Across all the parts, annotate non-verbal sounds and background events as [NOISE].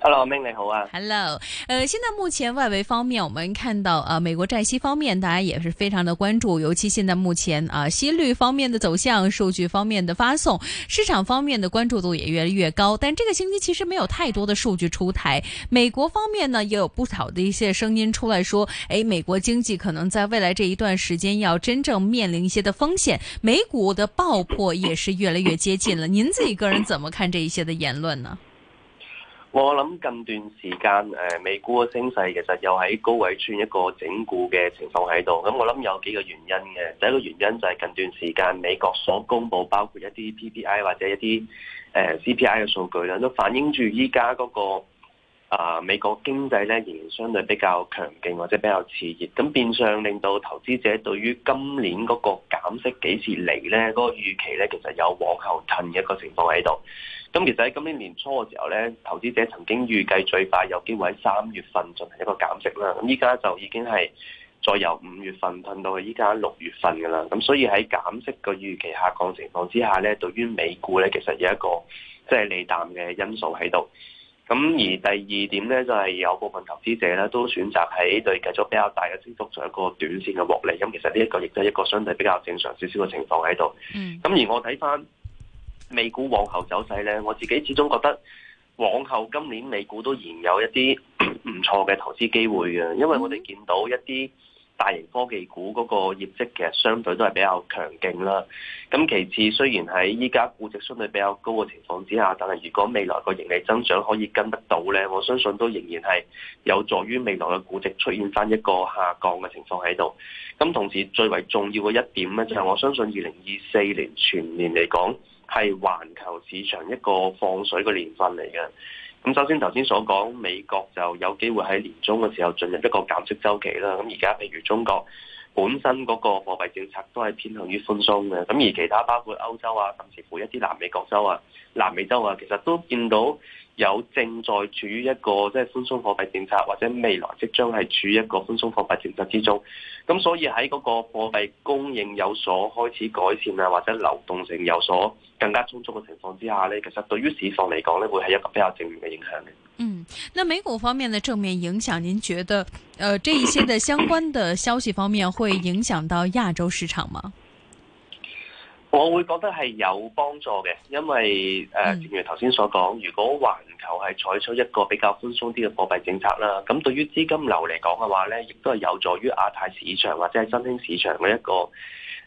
hello 明你好啊，hello，呃，現在目前外圍方面，我們看到啊，美國債息方面，大家也是非常的關注，尤其現在目前啊息率方面的走向、數據方面的發送、市場方面的關注度也越來越高。但這個星期其實沒有太多的數據出台，美國方面呢也有不少的一些聲音出來說，誒、哎，美國經濟可能在未來這一段時間要真正面臨一些的風險，美股的爆破也是越來越接近了。您自己個人怎麼看這一些的言論呢？我諗近段時間，誒，美股嘅升勢其實又喺高位出現一個整固嘅情況喺度。咁我諗有幾個原因嘅。第一個原因就係近段時間美國所公布，包括一啲 PPI 或者一啲誒 CPI 嘅數據咧，都反映住依家嗰個啊、呃、美國經濟咧仍然相對比較強勁或者比較熾熱。咁變相令到投資者對於今年嗰個減息幾時嚟咧，嗰、嗰個預期咧，其實有往後褪嘅一個情況喺度。咁其實喺今年年初嘅時候咧，投資者曾經預計最快有機會喺三月份進行一個減息啦。咁依家就已經係再由五月份褪到去依家六月份噶啦。咁所以喺減息嘅預期下降情況之下咧，對於美股咧，其實有一個即係利淡嘅因素喺度。咁而第二點咧，就係、是、有部分投資者咧都選擇喺對繼續比較大嘅升幅做一個短線嘅獲利。咁其實呢一個亦都係一個相對比較正常少少嘅情況喺度。嗯。咁而我睇翻，美股往後走勢呢，我自己始終覺得往後今年美股都仍有一啲唔錯嘅投資機會嘅，因為我哋見到一啲大型科技股嗰個業績其實相對都係比較強勁啦。咁其次，雖然喺依家估值，相對比較高嘅情況之下，但係如果未來個盈利增長可以跟得到呢，我相信都仍然係有助於未來嘅估值出現翻一個下降嘅情況喺度。咁同時最為重要嘅一點呢，就係我相信二零二四年全年嚟講。係環球市場一個放水嘅年份嚟嘅。咁首先頭先所講，美國就有機會喺年中嘅時候進入一個減息週期啦。咁而家譬如中國本身嗰個貨幣政策都係偏向於寬鬆嘅。咁而其他包括歐洲啊，甚至乎一啲南美國州啊、南美洲啊，其實都見到，有正在處於一個即係寬鬆貨幣政策，或者未來即將係處於一個寬鬆貨幣政策之中，咁所以喺嗰個貨幣供應有所開始改善啊，或者流動性有所更加充足嘅情況之下呢，其實對於市場嚟講呢，會係一個比較正面嘅影響嘅。嗯，那美股方面嘅正面影響，您覺得，呃，這一些的相關的消息方面，會影響到亞洲市場嗎？我會覺得係有幫助嘅，因為誒、呃、正如頭先所講，如果環球係採取一個比較寬鬆啲嘅貨幣政策啦，咁對於資金流嚟講嘅話咧，亦都係有助於亞太市場或者係新興市場嘅一個誒、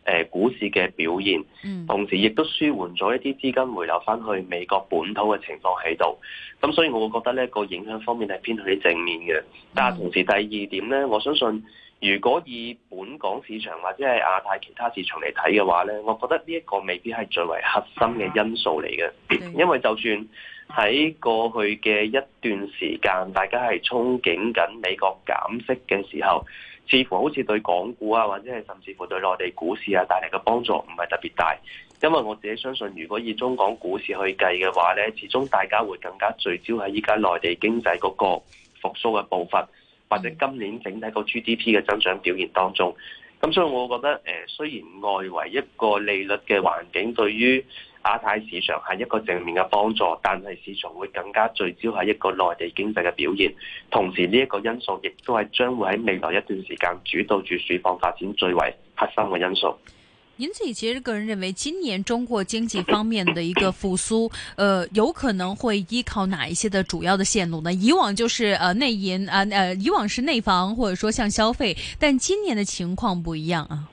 呃、股市嘅表現，嗯、同時亦都舒緩咗一啲資金回流翻去美國本土嘅情況喺度。咁所以我會覺得呢、呢個影響方面係偏向於正面嘅。嗯、但係同時第二點咧，我相信。如果以本港市場或者係亞太其他市場嚟睇嘅話呢，我覺得呢一個未必係最為核心嘅因素嚟嘅，啊、因為就算喺過去嘅一段時間，大家係憧憬緊美國減息嘅時候，似乎好似對港股啊，或者係甚至乎對內地股市啊帶嚟嘅幫助唔係特別大。因為我自己相信，如果以中港股市去計嘅話呢，始終大家會更加聚焦喺依家內地經濟嗰個復甦嘅步伐。或者今年整體個 GDP 嘅增長表現當中，咁所以我覺得誒，雖然外圍一個利率嘅環境對於亞太市場係一個正面嘅幫助，但係市場會更加聚焦喺一個內地經濟嘅表現，同時呢一個因素亦都係將會喺未來一段時間主導住市場發展最為核心嘅因素。您自己其實個人認為，今年中國經濟方面的一個復蘇，呃，有可能會依靠哪一些的主要的線路呢？以往就是，呃，內銀啊，呃，以往是內房，或者說像消費，但今年的情況不一樣啊。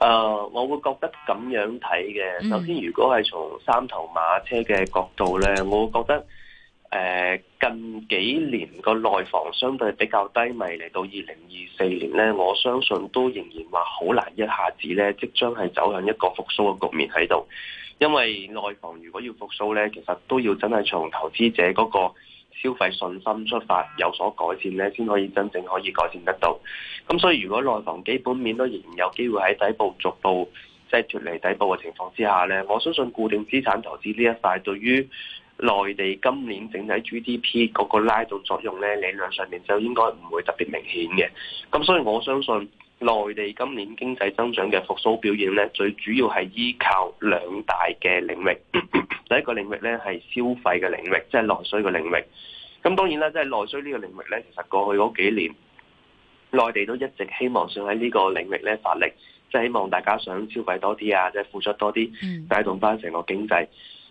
呃，我會覺得咁樣睇嘅，首先如果係從三頭馬車嘅角度咧，嗯，我會覺得。誒，近幾年個內房相對比較低迷，嚟到二零二四年咧，我相信都仍然話好難一下子咧，即將係走向一個復甦嘅局面喺度。因為內房如果要復甦咧，其實都要真係從投資者嗰個消費信心出發有所改善咧，先可以真正可以改善得到。咁所以如果內房基本面都仍然有機會喺底部逐步即係脫離底部嘅情況之下咧，我相信固定資產投資呢一塊對於。內地今年整體 GDP 嗰個拉動作用咧，理論上面就應該唔會特別明顯嘅。咁所以我相信，內地今年經濟增長嘅復甦表現咧，最主要係依靠兩大嘅領域。 [LAUGHS] 第一個領域咧係消費嘅領域，即係內需嘅領域。咁當然啦，即係內需呢個領域咧，其實過去嗰幾年，內地都一直希望想喺呢個領域咧發力，即係希望大家想消費多啲啊，即係付出多啲，帶動翻成個經濟。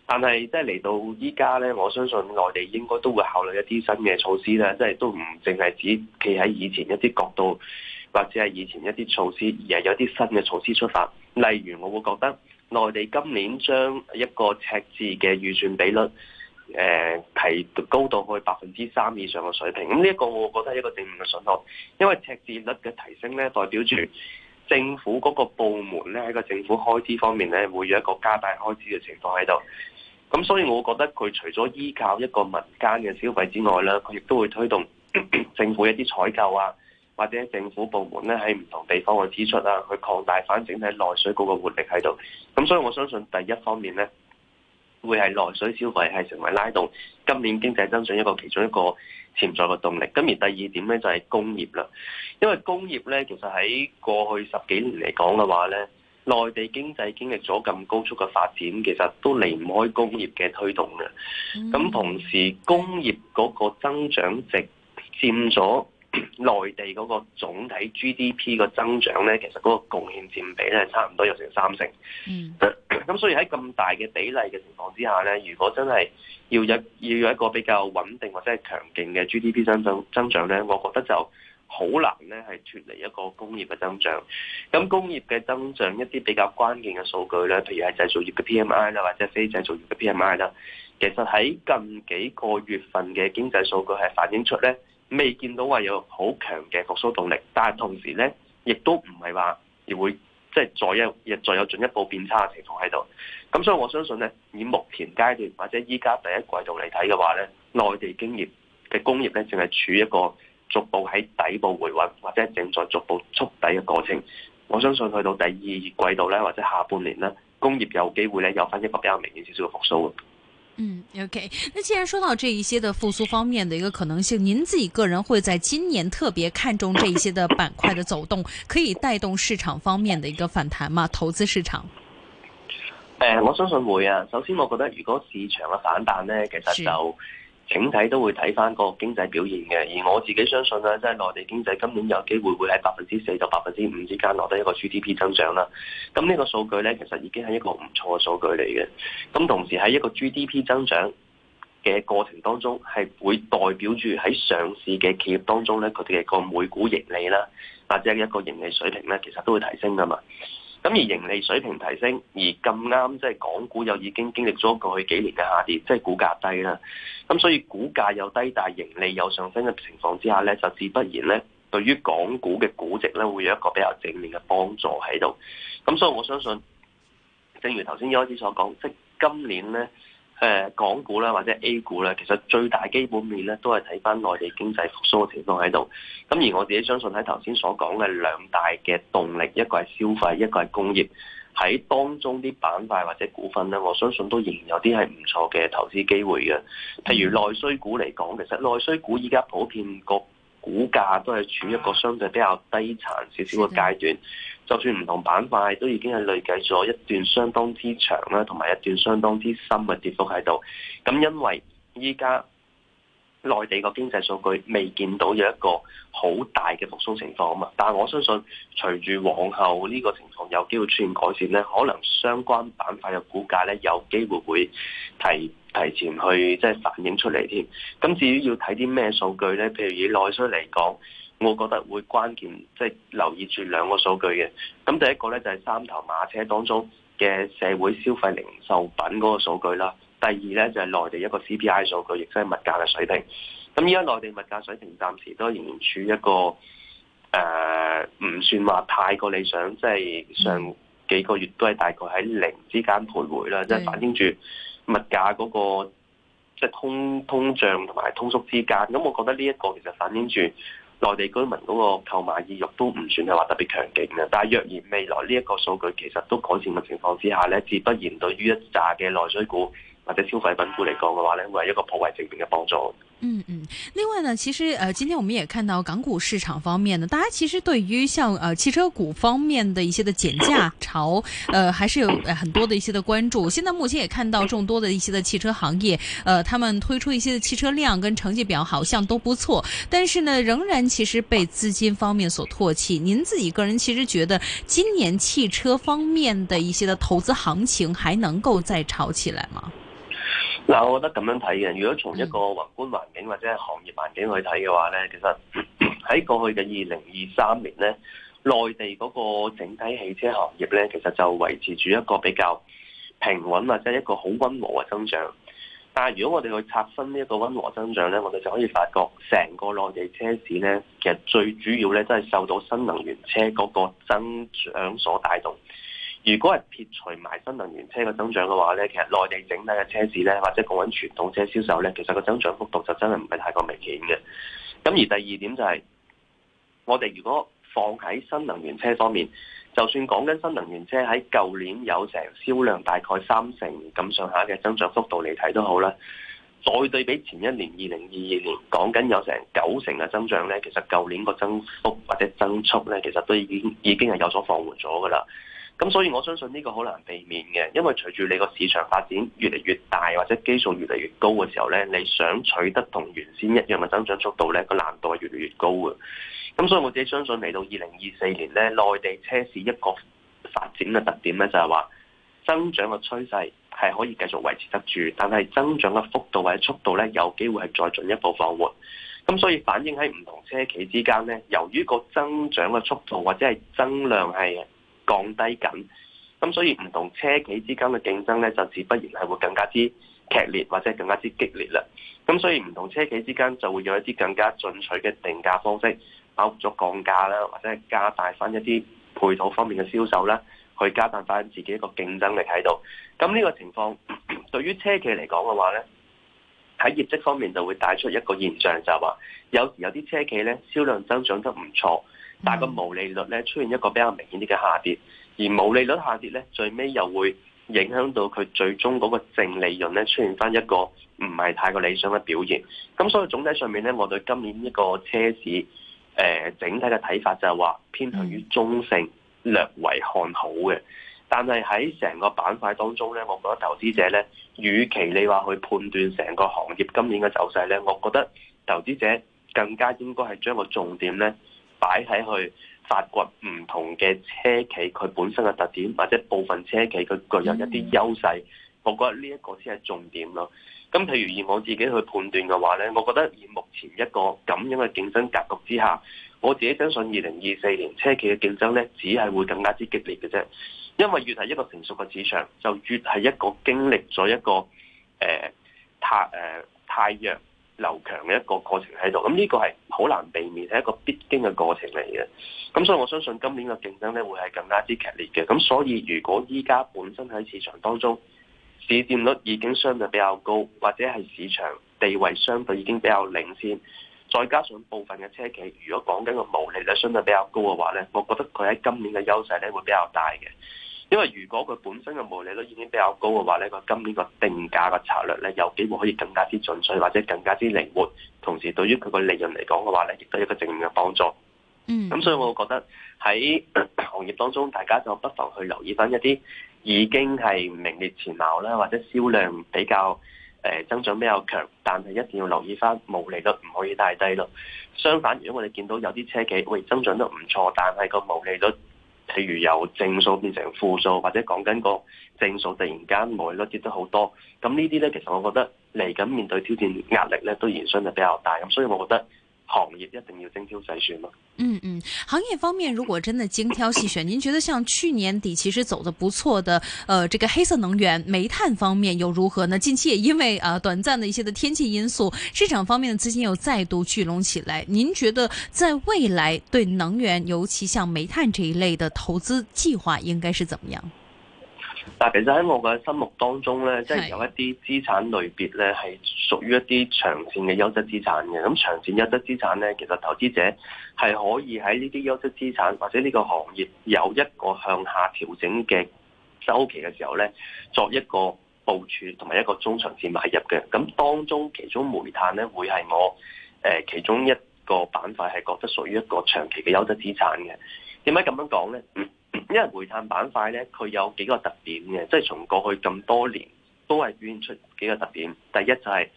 但係，即係嚟到依家咧，我相信內地應該都會考慮一啲新嘅措施咧，即係都唔淨係只企喺以前一啲角度或者係以前一啲措施，而係有啲新嘅措施出發。例如，我會覺得內地今年將一個赤字嘅預算比率，誒、呃、提高到去百分之三以上嘅水平。咁呢一個我覺得係一個正面嘅訊號，因為赤字率嘅提升咧，代表住政府嗰個部門咧喺個政府開支方面咧會有一個加大開支嘅情況喺度。咁所以，我覺得佢除咗依靠一個民間嘅消費之外咧，佢亦都會推動 [COUGHS] 政府一啲採購啊，或者政府部門咧喺唔同地方嘅支出啊，去擴大翻整體內水個活力喺度。咁所以我相信第一方面咧，會係內水消費係成為拉動今年經濟增長一個其中一個潛在嘅動力。咁，而第二點咧就係、是、工業啦，因為工業咧其實喺過去十幾年嚟講嘅話咧。內地經濟經歷咗咁高速嘅發展，其實都離唔開工業嘅推動嘅。咁、嗯、同時，工業嗰個增長值佔咗內地嗰個總體 GDP 嘅增長咧，其實嗰個貢獻佔比咧，差唔多有成三成。嗯。咁 [COUGHS] 所以喺咁大嘅比例嘅情況之下咧，如果真係要有要有一個比較穩定或者係強勁嘅 GDP 增長增長咧，我覺得就。好難咧，係脫離一個工業嘅增長。咁工業嘅增長，一啲比較關鍵嘅數據咧，譬如係製造業嘅 PMI 啦，或者非製造業嘅 PMI 啦，其實喺近幾個月份嘅經濟數據係反映出咧，未見到話有好強嘅復甦動力。但係同時咧，亦都唔係話亦會即係再有，亦再有進一步變差嘅情況喺度。咁所以我相信咧，以目前階段或者依家第一季度嚟睇嘅話咧，內地經濟嘅工業咧，淨係處一個逐步喺底部回穩或者正在逐步觸底嘅過程，我相信去到第二季度咧或者下半年呢，工業有機會咧有翻啲比較明顯嘅復甦。嗯，OK，那既然說到這一些的復甦方面的一個可能性，您自己個人會在今年特別看中這一些的板塊的走動，可以帶動市場方面的一個反彈嗎？投資市場？誒、嗯，我相信會啊。首先，我覺得如果市場嘅反彈咧，其實就整體都會睇返個經濟表現嘅，而我自己相信咧，即係內地經濟今年有機會會喺百分之四到百分之五之間錄得一個 GDP 增長啦。咁呢個數據咧，其實已經係一個唔錯嘅數據嚟嘅。咁同時喺一個 GDP 增長嘅過程當中，係會代表住喺上市嘅企業當中咧，佢哋嘅個每股盈利啦，或者一個盈利水平咧，其實都會提升㗎嘛。咁而盈利水平提升，而咁啱即係港股又已經經歷咗過去幾年嘅下跌，即係股價低啦。咁所以股價又低，但係盈利又上升嘅情況之下咧，就自不然咧，對於港股嘅估值咧，會有一個比較正面嘅幫助喺度。咁所以我相信，正如頭先一開始所講，即係今年咧。誒港股啦，或者 A 股啦，其實最大基本面咧，都係睇翻內地經濟復甦嘅情況喺度。咁而我自己相信喺頭先所講嘅兩大嘅動力，一個係消費，一個係工業。喺當中啲板塊或者股份咧，我相信都仍然有啲係唔錯嘅投資機會嘅。譬如內需股嚟講，其實內需股依家普遍個股價都係處於一個相對比較低殘少少嘅階段。就算唔同板塊，都已經係累計咗一段相當之長啦，同埋一段相當之深嘅跌幅喺度。咁因為依家內地個經濟數據未見到有一個好大嘅復甦情況啊嘛，但係我相信隨住往後呢個情況有機會出現改善咧，可能相關板塊嘅股價咧有機會會提提前去即係反映出嚟添。咁至於要睇啲咩數據咧？譬如以內需嚟講。我覺得會關鍵即係留意住兩個數據嘅，咁第一個咧就係三頭馬車當中嘅社會消費零售品嗰個數據啦，第二咧就係內地一個 CPI 數據，亦都係物價嘅水平。咁依家內地物價水平暫時都仍然處一個誒，唔算話太過理想，即係上幾個月都係大概喺零之間徘徊啦，即係反映住物價嗰個即係通通脹同埋通縮之間。咁我覺得呢一個其實反映住。內地居民嗰個購買意欲都唔算係話特別強勁嘅，但係若然未來呢一個數據其實都改善嘅情況之下呢，自不然對於一紮嘅內需股，或者消費品股嚟講嘅話呢，會係一個頗為正面嘅幫助。嗯嗯，另外呢，其實誒、呃，今天我們也看到港股市場方面呢，大家其實對於像誒、呃、汽車股方面的一些的減價潮，誒、呃，還是有很多的一些的關注。現在目前也看到眾多的一些的汽車行業，誒、呃，他們推出一些的汽車量跟成績表，好像都不錯，但是呢，仍然其實被資金方面所唾棄。您自己個人其實覺得今年汽車方面的一些的投資行情，還能夠再炒起來嗎？嗱，我覺得咁樣睇嘅，如果從一個宏觀環境或者係行業環境去睇嘅話咧，其實喺過去嘅二零二三年咧，內地嗰個整體汽車行業咧，其實就維持住一個比較平穩或者一個好温和嘅增長。但係如果我哋去拆分呢一個温和增長咧，我哋就可以發覺成個內地車市咧，其實最主要咧都係受到新能源車嗰個增長所帶動。如果係撇除埋新能源車嘅增長嘅話咧，其實內地整體嘅車市咧，或者講緊傳統車銷售咧，其實個增長幅度就真係唔係太過明顯嘅。咁而第二點就係，我哋如果放喺新能源車方面，就算講緊新能源車喺舊年有成銷量大概三成咁上下嘅增長幅度嚟睇都好啦，再對比前一年二零二二年講緊有成九成嘅增長咧，其實舊年個增幅或者增速咧，其實都已經已經係有所放緩咗噶啦。咁所以我相信呢個好難避免嘅，因為隨住你個市場發展越嚟越大，或者基數越嚟越高嘅時候咧，你想取得同原先一樣嘅增長速度咧，個難度係越嚟越高嘅。咁所以我自己相信嚟到二零二四年咧，內地車市一個發展嘅特點咧，就係話增長嘅趨勢係可以繼續維持得住，但係增長嘅幅度或者速度咧，有機會係再進一步放緩，咁所以反映喺唔同車企之間咧，由於個增長嘅速度或者係增量係。降低緊，咁所以唔同車企之間嘅競爭咧，就自不然係會更加之劇烈或者更加之激烈啦。咁所以唔同車企之間就會有一啲更加進取嘅定價方式，包括咗降價啦，或者加大翻一啲配套方面嘅銷售啦，去加大翻自己一個競爭力喺度。咁呢個情況 [COUGHS] 對於車企嚟講嘅話咧，喺業績方面就會帶出一個現象，就係話有時有啲車企咧，銷量增長得唔錯。但係個毛利率咧出現一個比較明顯啲嘅下跌，而毛利率下跌咧，最尾又會影響到佢最終嗰個淨利潤咧出現翻一個唔係太過理想嘅表現。咁所以總體上面咧，我對今年一個車市誒整體嘅睇法就係話偏向於中性，略為看好嘅。但係喺成個板塊當中咧，我覺得投資者咧，與其你話去判斷成個行業今年嘅走勢咧，我覺得投資者更加應該係將個重點咧，擺喺去發掘唔同嘅車企佢本身嘅特點，或者部分車企佢具有一啲優勢，我覺得呢一個先係重點咯。咁譬如以我自己去判斷嘅話呢，我覺得以目前一個咁樣嘅競爭格局之下，我自己相信二零二四年車企嘅競爭呢，只係會更加之激烈嘅啫。因為越係一個成熟嘅市場，就越係一個經歷咗一個誒、呃、太誒、呃、太弱。留強嘅一個過程喺度，咁呢個係好難避免，係一個必經嘅過程嚟嘅。咁所以我相信今年嘅競爭咧會係更加之劇烈嘅。咁所以如果依家本身喺市場當中市佔率已經相對比較高，或者係市場地位相對已經比較領先，再加上部分嘅車企如果講緊個毛利率相對比較高嘅話咧，我覺得佢喺今年嘅優勢咧會比較大嘅。因為如果佢本身嘅毛利率已經比較高嘅話咧，佢今年個定價個策略咧，有機會可以更加之進取或者更加之靈活，同時對於佢個利潤嚟講嘅話咧，亦都係一個正面嘅幫助。嗯，咁所以我覺得喺行業當中，大家就不妨去留意翻一啲已經係名列前茅啦，或者銷量比較誒增長比較強，但係一定要留意翻毛利率唔可以太低咯。相反，如果我哋見到有啲車企喂增長得唔錯，但係個毛利率，譬如由正數變成負數，或者講緊個正數突然間每粒跌得好多，咁呢啲咧其實我覺得嚟緊面對挑戰壓力咧都延伸得比較大，咁所以我覺得。行業一定要精挑細選嗎？嗯嗯，行業方面如果真的精挑細選，您覺得像去年底其實走的不錯的，呃，這個黑色能源煤炭方面又如何呢？近期也因為呃，短暫的一些的天氣因素，市場方面的資金又再度聚攏起來。您覺得在未來對能源，尤其像煤炭這一類的投資計劃應該是怎麼樣？但係其實喺我嘅心目當中咧，即係有一啲資產類別咧係屬於一啲長線嘅優質資產嘅。咁長線優質資產咧，其實投資者係可以喺呢啲優質資產或者呢個行業有一個向下調整嘅周期嘅時候咧，作一個部署同埋一個中長線買入嘅。咁當中其中煤炭咧，會係我誒其中一個板塊係覺得屬於一個長期嘅優質資產嘅。點解咁樣講咧？嗯因為煤炭板塊咧，佢有幾個特點嘅，即係從過去咁多年都係表現出幾個特點。第一就係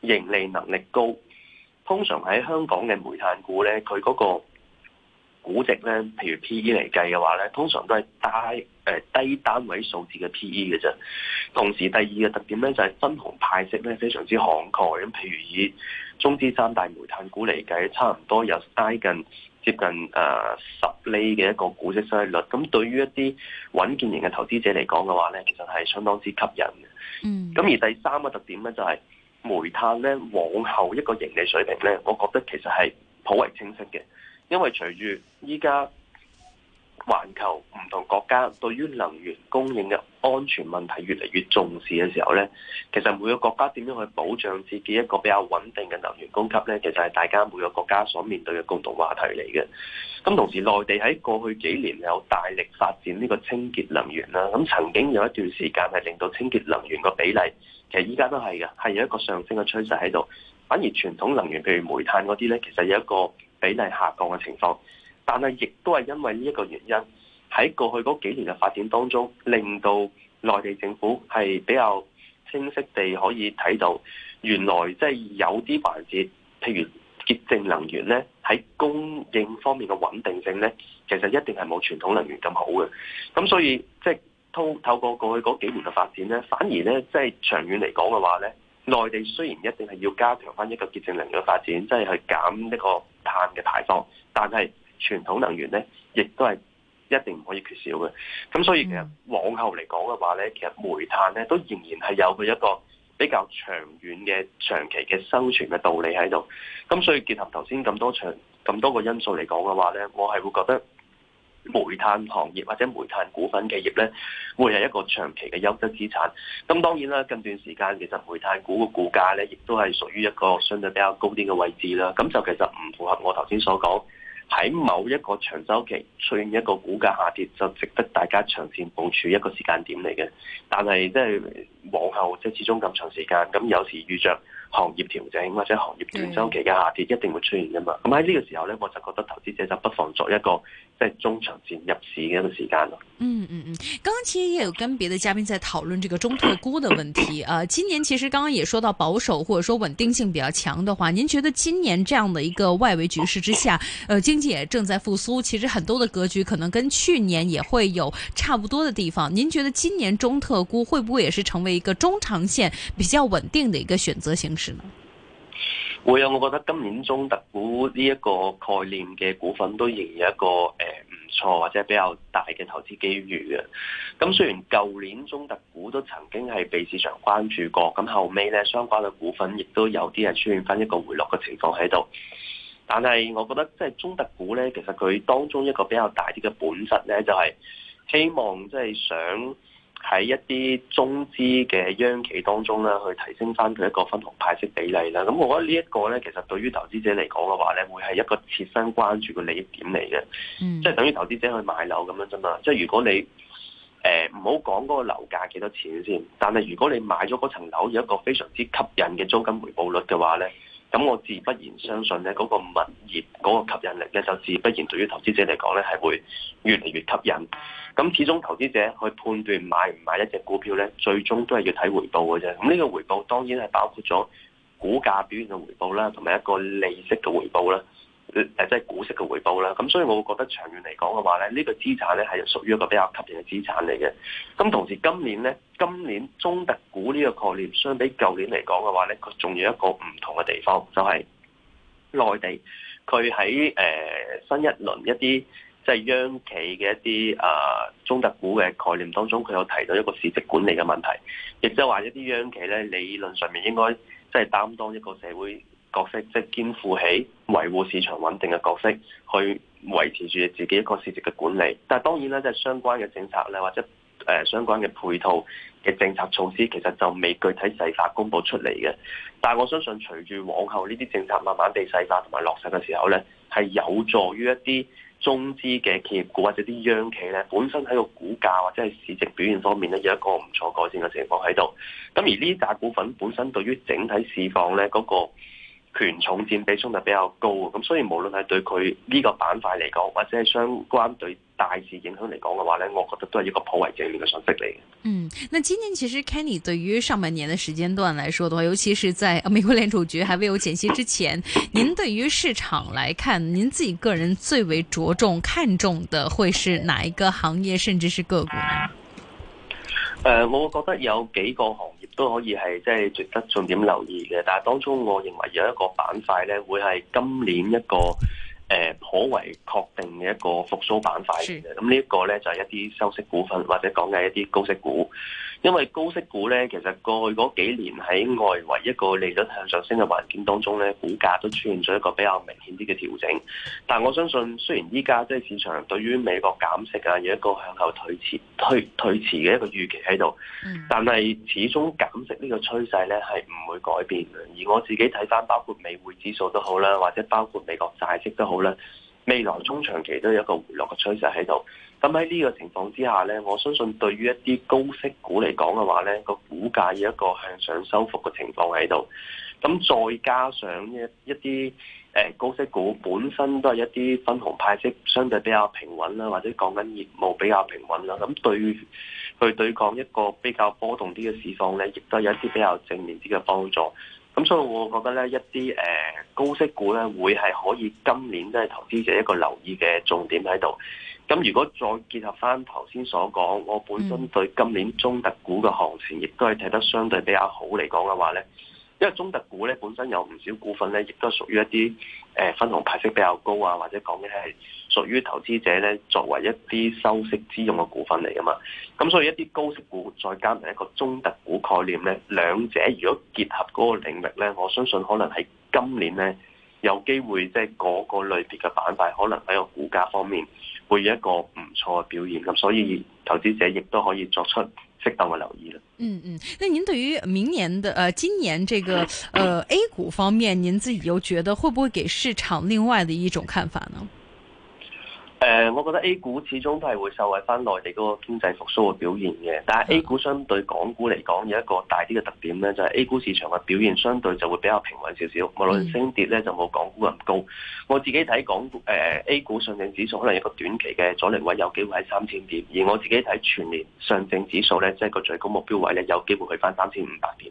盈利能力高，通常喺香港嘅煤炭股咧，佢嗰個估值咧，譬如 P E 嚟計嘅話咧，通常都係低誒低單位數字嘅 P E 嘅啫。同時，第二個特點咧就係、是、分紅派息咧非常之慷慨咁。譬如以中資三大煤炭股嚟計，差唔多有挨近，接近誒十、呃、厘嘅一個股息收益率，咁對於一啲穩健型嘅投資者嚟講嘅話咧，其實係相當之吸引嘅。嗯，咁而第三個特點咧就係、是、煤炭咧往後一個盈利水平咧，我覺得其實係頗為清晰嘅，因為隨住依家，環球唔同國家對於能源供應嘅安全問題越嚟越重視嘅時候呢，其實每個國家點樣去保障自己一個比較穩定嘅能源供給呢？其實係大家每個國家所面對嘅共同話題嚟嘅。咁同時，內地喺過去幾年有大力發展呢個清潔能源啦，咁曾經有一段時間係令到清潔能源個比例，其實依家都係嘅，係有一個上升嘅趨勢喺度。反而傳統能源譬如煤炭嗰啲呢，其實有一個比例下降嘅情況。但係亦都係因為呢一個原因，喺過去嗰幾年嘅發展當中，令到內地政府係比較清晰地可以睇到，原來即係有啲環節，譬如潔淨能源呢，喺供應方面嘅穩定性呢，其實一定係冇傳統能源咁好嘅。咁所以即係通透過過去嗰幾年嘅發展呢，反而呢，即係長遠嚟講嘅話呢，內地雖然一定係要加強翻一個潔淨能源嘅發展，即係去減一個碳嘅排放，但係，傳統能源咧，亦都係一定唔可以缺少嘅。咁所以其實往後嚟講嘅話咧，嗯、其實煤炭咧都仍然係有佢一個比較長遠嘅、長期嘅生存嘅道理喺度。咁所以結合頭先咁多長、咁多個因素嚟講嘅話咧，我係會覺得煤炭行業或者煤炭股份企業咧，會係一個長期嘅優質資產。咁當然啦，近段時間其實煤炭股嘅股價咧，亦都係屬於一個相對比較高啲嘅位置啦。咁就其實唔符合我頭先所講。喺某一個長周期出現一個股價下跌，就值得大家長線部署一個時間點嚟嘅。但係即係往後，即係始終咁長時間，咁有時遇着。行業調整或者行業短週期嘅下跌一定會出現噶嘛？咁喺呢個時候呢，我就覺得投資者就不妨作一個即係中長線入市嘅一個時間咯。嗯嗯嗯，剛剛其實也有跟別的嘉賓在討論這個中特估嘅問題啊、 [COUGHS] 呃。今年其實剛剛也說到保守，或者說穩定性比較強嘅話，您覺得今年這樣嘅一個外圍局勢之下，呃經濟也正在復甦，其實很多嘅格局可能跟去年也會有差不多嘅地方。您覺得今年中特估會不會也是成為一個中長線比較穩定嘅一個選擇形式？會有，我覺得今年中特股呢一個概念嘅股份都仍然有一個誒唔錯，或者比較大嘅投資機遇嘅。咁雖然舊年中特股都曾經係被市場關注過，咁後尾呢相關嘅股份亦都有啲係出現翻一個回落嘅情況喺度。但係我覺得即係中特股呢，其實佢當中一個比較大啲嘅本質呢，就係、是、希望即係想。喺一啲中資嘅央企當中啦，去提升翻佢一個分紅派息比例啦。咁我覺得呢一個咧，其實對於投資者嚟講嘅話咧，會係一個切身關注嘅利益點嚟嘅。嗯，即係等於投資者去買樓咁樣啫嘛。即係如果你誒唔好講嗰個樓價幾多錢先，但係如果你買咗嗰層樓有一個非常之吸引嘅租金回報率嘅話咧。咁我自不然相信咧，嗰個物業嗰個吸引力咧，就自不然對於投資者嚟講咧，係會越嚟越吸引。咁始終投資者去判斷買唔買一隻股票咧，最終都係要睇回報嘅啫。咁呢個回報當然係包括咗股價表現嘅回報啦，同埋一個利息嘅回報啦。誒即係股息嘅回報啦，咁所以我會覺得長遠嚟講嘅話咧，呢個資產咧係屬於一個比較吸引嘅資產嚟嘅。咁同時今年咧，今年中特股呢個概念相比舊年嚟講嘅話咧，佢仲有一個唔同嘅地方，就係內地佢喺誒新一輪一啲即係央企嘅一啲啊、呃、中特股嘅概念當中，佢有提到一個市值管理嘅問題，亦即係話一啲央企咧理論上面應該即係擔當一個社會角色即係肩負起維護市場穩定嘅角色，去維持住自己一個市值嘅管理。但係當然咧，即、就、係、是、相關嘅政策咧，或者誒、呃、相關嘅配套嘅政策措施，其實就未具體細化公佈出嚟嘅。但係我相信，隨住往後呢啲政策慢慢被細化同埋落實嘅時候咧，係有助於一啲中資嘅企業股或者啲央企咧，本身喺個股價或者係市值表現方面咧，有一個唔錯改善嘅情況喺度。咁而呢啲大股份本身對於整體市況咧嗰、那個。權重占比衝突，比較高，咁所以無論係對佢呢個板塊嚟講，或者係相關對大市影響嚟講嘅話呢，我覺得都係一個頗為正面嘅信息嚟嘅。嗯，那今年其實 Kenny 對於上半年嘅時間段來說嘅話，尤其是在美國聯儲局還未有減息之前，您對於市場來看，您自己個人最為着重看重的會是哪一個行業，甚至是個股？誒，我覺得有幾個行。都可以係即係值得重點留意嘅，但係當中我認為有一個板塊咧，會係今年一個誒、呃，頗為確定嘅一個復甦板塊嘅。咁是、嗯這個、呢一個咧，就係、是、一啲收息股份或者講嘅一啲高息股。因為高息股咧，其實過去嗰幾年喺外圍一個利率向上升嘅環境當中咧，股價都出現咗一個比較明顯啲嘅調整。但我相信，雖然依家即係市場對於美國減息啊有一個向後退遲退退遲嘅一個預期喺度，但係始終減息呢個趨勢咧係唔會改變嘅。而我自己睇翻，包括美匯指數都好啦，或者包括美國債息都好啦。未來中長期都有一個回落嘅趨勢喺度，咁喺呢個情況之下呢，我相信對於一啲高息股嚟講嘅話呢，個股價有一個向上收復嘅情況喺度，咁再加上一一啲誒高息股本身都係一啲分紅派息相對比較平穩啦，或者講緊業務比較平穩啦，咁對去對抗一個比較波動啲嘅市況呢，亦都有一啲比較正面啲嘅幫助。咁所以，我覺得咧，一啲誒高息股咧，會係可以今年都係投資者一個留意嘅重點喺度。咁如果再結合翻頭先所講，我本身對今年中特股嘅行情，亦都係睇得相對比較好嚟講嘅話咧。因為中特股咧本身有唔少股份咧，亦都屬於一啲誒分紅派息比較高啊，或者講嘅係屬於投資者咧作為一啲收息之用嘅股份嚟啊嘛。咁所以一啲高息股再加埋一個中特股概念咧，兩者如果結合嗰個領域咧，我相信可能喺今年咧有機會即係嗰個類別嘅板塊，可能喺個股價方面會有一個唔錯嘅表現。咁所以投資者亦都可以作出適當去留意啦。嗯嗯，那您對於明年的，呃，今年這個，呃，A 股方面，您自己又覺得會不會給市場另外的一種看法呢？誒，uh, 我覺得 A 股始終都係會受惠翻內地嗰個經濟復蘇嘅表現嘅，但係 A 股相對港股嚟講有一個大啲嘅特點咧，就係、是、A 股市場嘅表現相對就會比較平穩少少，無論升跌咧就冇港股咁高。我自己睇港股誒、uh,，A 股上證指數可能有個短期嘅阻力位有機會喺三千點，而我自己睇全年上證指數咧，即係個最高目標位咧，有機會去翻三千五百點。